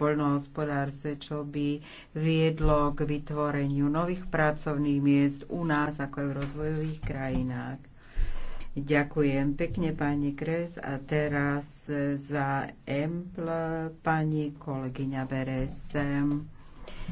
poľnohospodárstve, čo by viedlo k vytvoreniu nových pracovných miest u nás ako aj v rozvojových krajinách. Ďakujem pekne pani Kres a teraz za EMPL pani kolegyňa Beresem.